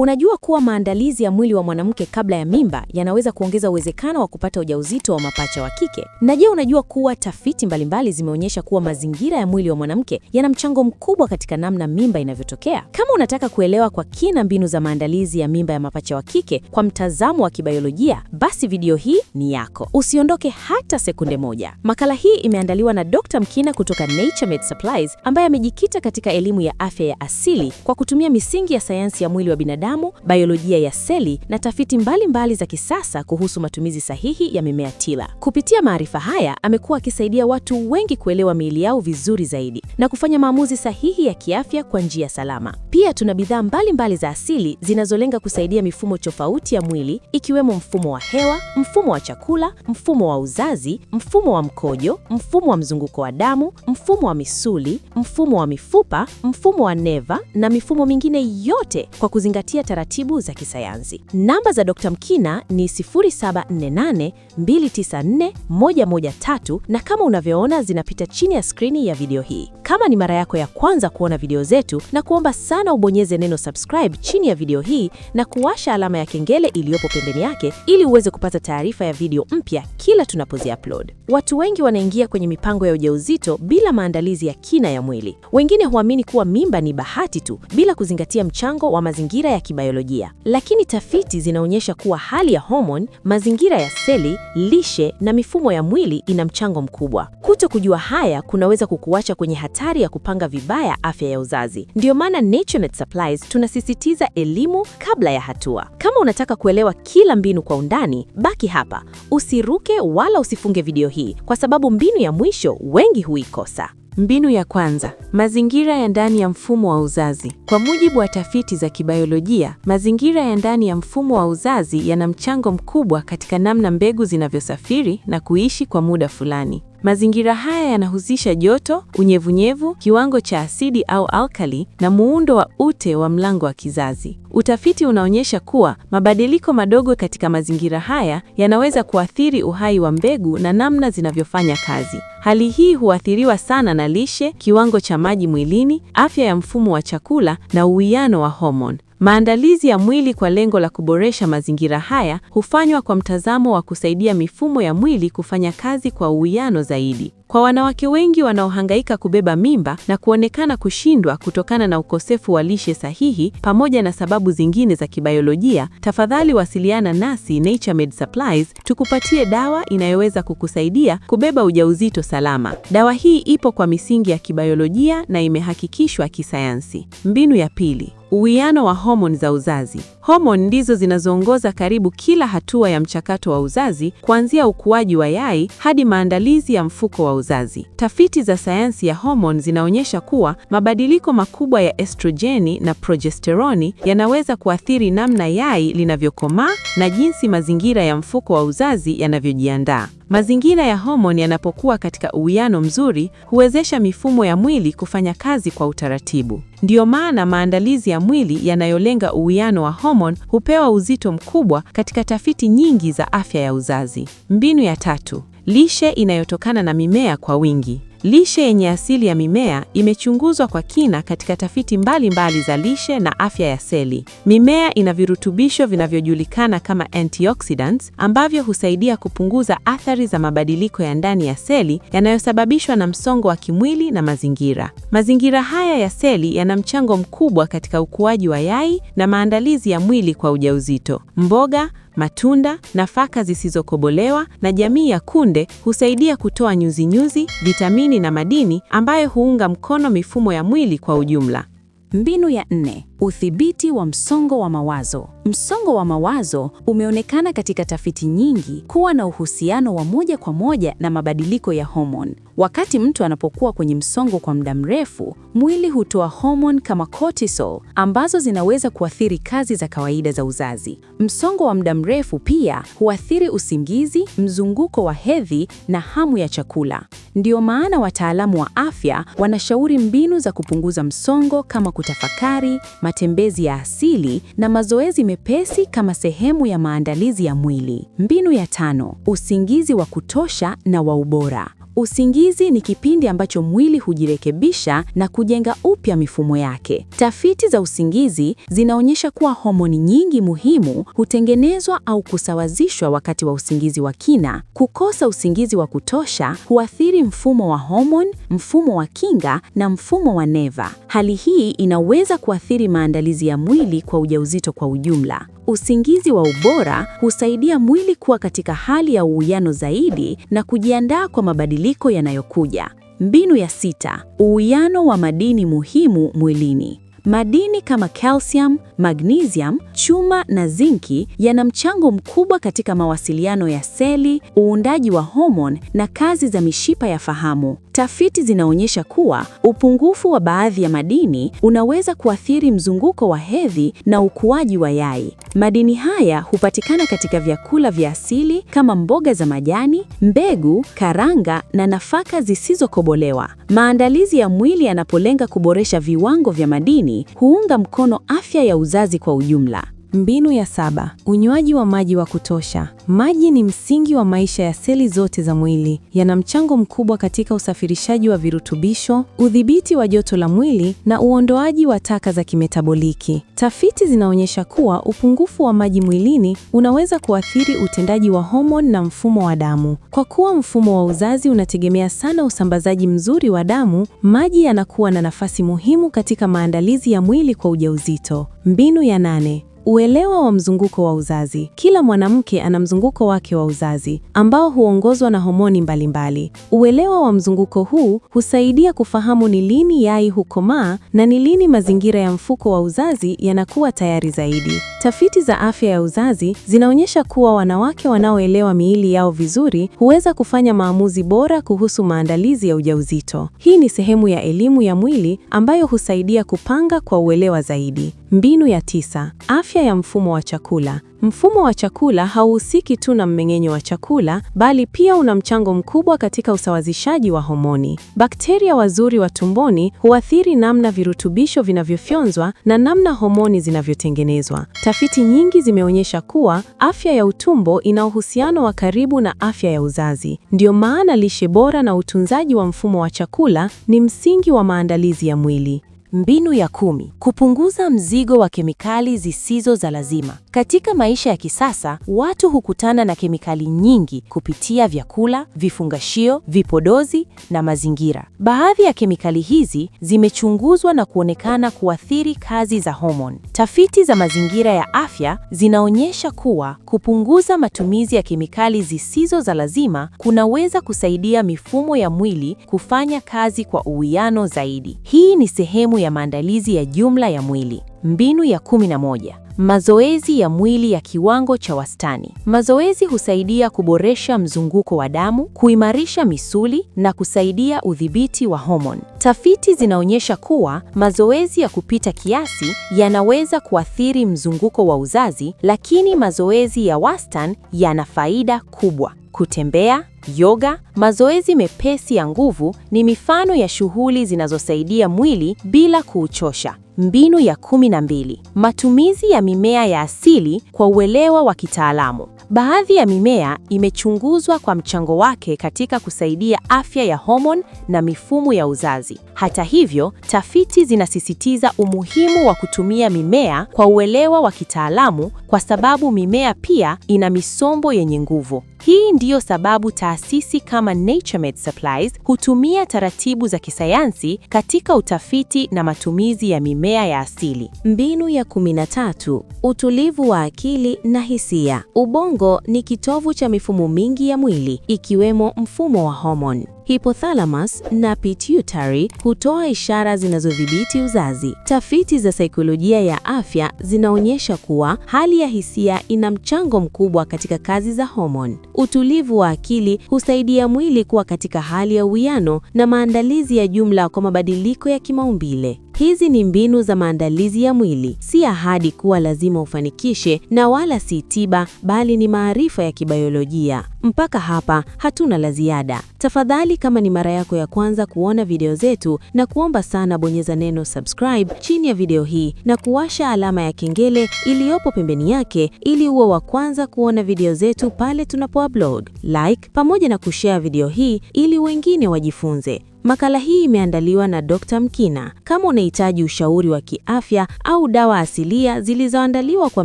Unajua kuwa maandalizi ya mwili wa mwanamke kabla ya mimba yanaweza kuongeza uwezekano wa kupata ujauzito wa mapacha wa kike. Na je, unajua kuwa tafiti mbalimbali zimeonyesha kuwa mazingira ya mwili wa mwanamke yana mchango mkubwa katika namna mimba inavyotokea? Kama unataka kuelewa kwa kina mbinu za maandalizi ya mimba ya mapacha wa kike kwa mtazamo wa kibayolojia, basi video hii ni yako. Usiondoke hata sekunde moja. Makala hii imeandaliwa na Dr. Mkina kutoka Naturemed Supplies ambaye amejikita katika elimu ya afya ya asili kwa kutumia misingi ya sayansi ya mwili wa binadamu binadamu, biolojia ya seli na tafiti mbalimbali mbali za kisasa kuhusu matumizi sahihi ya mimea tila. Kupitia maarifa haya, amekuwa akisaidia watu wengi kuelewa miili yao vizuri zaidi na kufanya maamuzi sahihi ya kiafya kwa njia salama. Pia tuna bidhaa mbalimbali za asili zinazolenga kusaidia mifumo tofauti ya mwili ikiwemo mfumo wa hewa, mfumo wa chakula, mfumo wa uzazi, mfumo wa mkojo, mfumo wa mzunguko wa damu, mfumo wa misuli, mfumo wa mifupa, mfumo wa neva na mifumo mingine yote kwa kuzingatia kupitia taratibu za kisayansi. Namba za Dr. Mkina ni 0748294113 na kama unavyoona zinapita chini ya skrini ya video hii. Kama ni mara yako ya kwanza kuona video zetu, na kuomba sana ubonyeze neno subscribe chini ya video hii na kuwasha alama ya kengele iliyopo pembeni yake ili uweze kupata taarifa ya video mpya kila tunapozi upload. Watu wengi wanaingia kwenye mipango ya ujauzito bila maandalizi ya kina ya mwili. Wengine huamini kuwa mimba ni bahati tu bila kuzingatia mchango wa mazingira ya ya kibayolojia, lakini tafiti zinaonyesha kuwa hali ya homoni, mazingira ya seli, lishe na mifumo ya mwili ina mchango mkubwa. Kuto kujua haya kunaweza kukuacha kwenye hatari ya kupanga vibaya afya ya uzazi. Ndiyo maana Naturenet Supplies tunasisitiza elimu kabla ya hatua. Kama unataka kuelewa kila mbinu kwa undani, baki hapa, usiruke wala usifunge video hii, kwa sababu mbinu ya mwisho wengi huikosa. Mbinu ya kwanza, mazingira ya ndani ya mfumo wa uzazi. Kwa mujibu wa tafiti za kibayolojia, mazingira ya ndani ya mfumo wa uzazi yana mchango mkubwa katika namna mbegu zinavyosafiri na kuishi kwa muda fulani. Mazingira haya yanahusisha joto, unyevunyevu, kiwango cha asidi au alkali na muundo wa ute wa mlango wa kizazi. Utafiti unaonyesha kuwa mabadiliko madogo katika mazingira haya yanaweza kuathiri uhai wa mbegu na namna zinavyofanya kazi. Hali hii huathiriwa sana na lishe, kiwango cha maji mwilini, afya ya mfumo wa chakula na uwiano wa homoni. Maandalizi ya mwili kwa lengo la kuboresha mazingira haya hufanywa kwa mtazamo wa kusaidia mifumo ya mwili kufanya kazi kwa uwiano zaidi. Kwa wanawake wengi wanaohangaika kubeba mimba na kuonekana kushindwa kutokana na ukosefu wa lishe sahihi pamoja na sababu zingine za kibayolojia, tafadhali wasiliana nasi Naturemed Supplies tukupatie dawa inayoweza kukusaidia kubeba ujauzito salama. Dawa hii ipo kwa misingi ya kibayolojia na imehakikishwa kisayansi. Mbinu ya pili, Uwiano wa homoni za uzazi. Homoni ndizo zinazoongoza karibu kila hatua ya mchakato wa uzazi, kuanzia ukuaji wa yai hadi maandalizi ya mfuko wa uzazi. Tafiti za sayansi ya homoni zinaonyesha kuwa mabadiliko makubwa ya estrojeni na progesteroni yanaweza kuathiri namna yai linavyokomaa na jinsi mazingira ya mfuko wa uzazi yanavyojiandaa. Mazingira ya homoni yanapokuwa katika uwiano mzuri, huwezesha mifumo ya mwili kufanya kazi kwa utaratibu. Ndiyo maana maandalizi ya mwili yanayolenga uwiano wa homoni hupewa uzito mkubwa katika tafiti nyingi za afya ya uzazi. Mbinu ya tatu, lishe inayotokana na mimea kwa wingi. Lishe yenye asili ya mimea imechunguzwa kwa kina katika tafiti mbalimbali mbali za lishe na afya ya seli. Mimea ina virutubisho vinavyojulikana kama antioxidants ambavyo husaidia kupunguza athari za mabadiliko ya ndani ya seli yanayosababishwa na msongo wa kimwili na mazingira. Mazingira haya ya seli yana mchango mkubwa katika ukuaji wa yai na maandalizi ya mwili kwa ujauzito. Mboga matunda, nafaka zisizokobolewa na jamii ya kunde husaidia kutoa nyuzinyuzi, vitamini na madini ambayo huunga mkono mifumo ya mwili kwa ujumla. Mbinu ya nne: uthibiti wa msongo wa mawazo. Msongo wa mawazo umeonekana katika tafiti nyingi kuwa na uhusiano wa moja kwa moja na mabadiliko ya homoni. Wakati mtu anapokuwa kwenye msongo kwa muda mrefu, mwili hutoa homoni kama cortisol ambazo zinaweza kuathiri kazi za kawaida za uzazi. Msongo wa muda mrefu pia huathiri usingizi, mzunguko wa hedhi na hamu ya chakula. Ndio maana wataalamu wa afya wanashauri mbinu za kupunguza msongo kama kutafakari matembezi ya asili na mazoezi mepesi kama sehemu ya maandalizi ya mwili. Mbinu ya tano: usingizi wa kutosha na wa ubora. Usingizi ni kipindi ambacho mwili hujirekebisha na kujenga upya mifumo yake. Tafiti za usingizi zinaonyesha kuwa homoni nyingi muhimu hutengenezwa au kusawazishwa wakati wa usingizi wa kina. Kukosa usingizi wa kutosha huathiri mfumo wa homoni, mfumo wa kinga na mfumo wa neva. Hali hii inaweza kuathiri maandalizi ya mwili kwa ujauzito kwa ujumla. Usingizi wa ubora husaidia mwili kuwa katika hali ya uwiano zaidi na kujiandaa kwa mabadiliko yanayokuja. Mbinu ya sita, uwiano wa madini muhimu mwilini. Madini kama calcium, magnesium, chuma na zinki yana mchango mkubwa katika mawasiliano ya seli, uundaji wa homoni na kazi za mishipa ya fahamu. Tafiti zinaonyesha kuwa upungufu wa baadhi ya madini unaweza kuathiri mzunguko wa hedhi na ukuaji wa yai. Madini haya hupatikana katika vyakula vya asili kama mboga za majani, mbegu, karanga na nafaka zisizokobolewa. Maandalizi ya mwili yanapolenga kuboresha viwango vya madini huunga mkono afya ya uzazi kwa ujumla. Mbinu ya saba: unywaji wa maji wa kutosha. Maji ni msingi wa maisha ya seli zote za mwili, yana mchango mkubwa katika usafirishaji wa virutubisho, udhibiti wa joto la mwili na uondoaji wa taka za kimetaboliki. Tafiti zinaonyesha kuwa upungufu wa maji mwilini unaweza kuathiri utendaji wa homoni na mfumo wa damu. Kwa kuwa mfumo wa uzazi unategemea sana usambazaji mzuri wa damu, maji yanakuwa na nafasi muhimu katika maandalizi ya mwili kwa ujauzito. Mbinu ya nane: Uelewa wa mzunguko wa uzazi. Kila mwanamke ana mzunguko wake wa uzazi ambao huongozwa na homoni mbalimbali. Uelewa wa mzunguko huu husaidia kufahamu ni lini yai hukomaa na ni lini mazingira ya mfuko wa uzazi yanakuwa tayari zaidi. Tafiti za afya ya uzazi zinaonyesha kuwa wanawake wanaoelewa miili yao vizuri huweza kufanya maamuzi bora kuhusu maandalizi ya ujauzito. Hii ni sehemu ya elimu ya mwili ambayo husaidia kupanga kwa uelewa zaidi. Mbinu ya tisa: afya ya mfumo wa chakula. Mfumo wa chakula hauhusiki tu na mmeng'enyo wa chakula, bali pia una mchango mkubwa katika usawazishaji wa homoni. Bakteria wazuri wa tumboni huathiri namna virutubisho vinavyofyonzwa na namna homoni zinavyotengenezwa. Tafiti nyingi zimeonyesha kuwa afya ya utumbo ina uhusiano wa karibu na afya ya uzazi. Ndiyo maana lishe bora na utunzaji wa mfumo wa chakula ni msingi wa maandalizi ya mwili. Mbinu ya kumi: kupunguza mzigo wa kemikali zisizo za lazima. Katika maisha ya kisasa, watu hukutana na kemikali nyingi kupitia vyakula, vifungashio, vipodozi na mazingira. Baadhi ya kemikali hizi zimechunguzwa na kuonekana kuathiri kazi za homoni. Tafiti za mazingira ya afya zinaonyesha kuwa kupunguza matumizi ya kemikali zisizo za lazima kunaweza kusaidia mifumo ya mwili kufanya kazi kwa uwiano zaidi. Hii ni sehemu ya maandalizi ya jumla ya mwili. Mbinu ya 11. Mazoezi ya mwili ya kiwango cha wastani. Mazoezi husaidia kuboresha mzunguko wa damu, kuimarisha misuli na kusaidia udhibiti wa homoni. Tafiti zinaonyesha kuwa mazoezi ya kupita kiasi yanaweza kuathiri mzunguko wa uzazi, lakini mazoezi ya wastani yana faida kubwa. Kutembea, yoga, mazoezi mepesi ya nguvu ni mifano ya shughuli zinazosaidia mwili bila kuuchosha. Mbinu ya kumi na mbili: matumizi ya mimea ya asili kwa uelewa wa kitaalamu. Baadhi ya mimea imechunguzwa kwa mchango wake katika kusaidia afya ya homoni na mifumo ya uzazi. Hata hivyo, tafiti zinasisitiza umuhimu wa kutumia mimea kwa uelewa wa kitaalamu kwa sababu mimea pia ina misombo yenye nguvu. Hii ndiyo sababu taasisi kama Naturemed Supplies hutumia taratibu za kisayansi katika utafiti na matumizi ya mimea ya asili. Mbinu ya 13: utulivu wa akili na hisia. Ubongo ni kitovu cha mifumo mingi ya mwili ikiwemo mfumo wa homoni. Hypothalamus na pituitary hutoa ishara zinazodhibiti uzazi. Tafiti za saikolojia ya afya zinaonyesha kuwa hali ya hisia ina mchango mkubwa katika kazi za homoni. Utulivu wa akili husaidia mwili kuwa katika hali ya uwiano na maandalizi ya jumla kwa mabadiliko ya kimaumbile. Hizi ni mbinu za maandalizi ya mwili, si ahadi kuwa lazima ufanikishe, na wala si tiba, bali ni maarifa ya kibayolojia. Mpaka hapa hatuna la ziada. Tafadhali, kama ni mara yako ya kwanza kuona video zetu, na kuomba sana bonyeza neno subscribe chini ya video hii na kuwasha alama ya kengele iliyopo pembeni yake, ili uwe wa kwanza kuona video zetu pale tunapoupload. Like pamoja na kushare video hii ili wengine wajifunze. Makala hii imeandaliwa na Dr. Mkina. Kama unahitaji ushauri wa kiafya au dawa asilia zilizoandaliwa kwa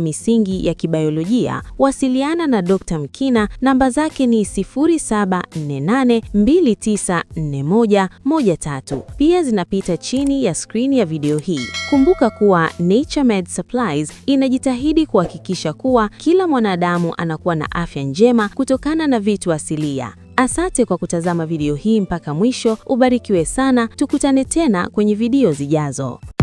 misingi ya kibayolojia, wasiliana na Dr. Mkina. Namba zake ni 0748294113. Pia zinapita chini ya skrini ya video hii. Kumbuka kuwa Naturemed Supplies inajitahidi kuhakikisha kuwa kila mwanadamu anakuwa na afya njema kutokana na vitu asilia. Asante kwa kutazama video hii mpaka mwisho. Ubarikiwe sana, tukutane tena kwenye video zijazo.